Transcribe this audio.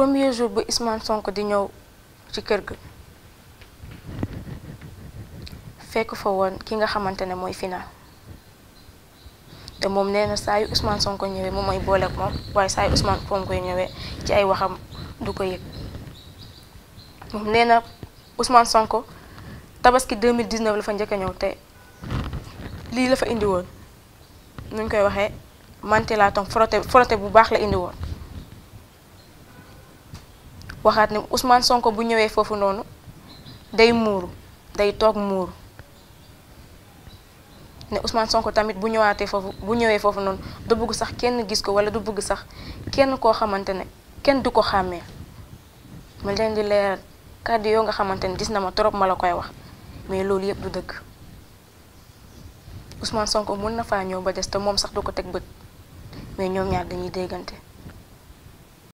premier jour bu Ousmane Sonko di ñëw ci kër gi fekk fa woon ki nga xamante ne mooy final te moom nee na saa yu Ousmane ñëwee moom mooy booleeg moom waaye saa yu Ousmane Sonko ñëwee ci ay waxam du ko yëg moom nee na Ousmane Sonko tabaski 2019 la fa njëkk a ñëw te lii la fa indi woon nuñ koy waxee mantelaatam frotté frotté bu baax la indi woon. waxaat ne Ousmane Sonko bu ñëwee foofu noonu day muuru day toog muuru ne Ousmane Sonko tamit bu ñëwaatee foofu bu ñëwee foofu noonu du bëgg sax kenn gis ko wala du bëgg sax kenn koo xamante ne kenn du ko xàmmee ma leen di leer kàddu yoo nga xamante ne gis na ma trop ma la koy wax mais loolu yëpp du dëkk Ousmane Sonko mën na faa ñëw ba des te moom sax du ko teg bët mais ñoom ñaar dañuy déggante.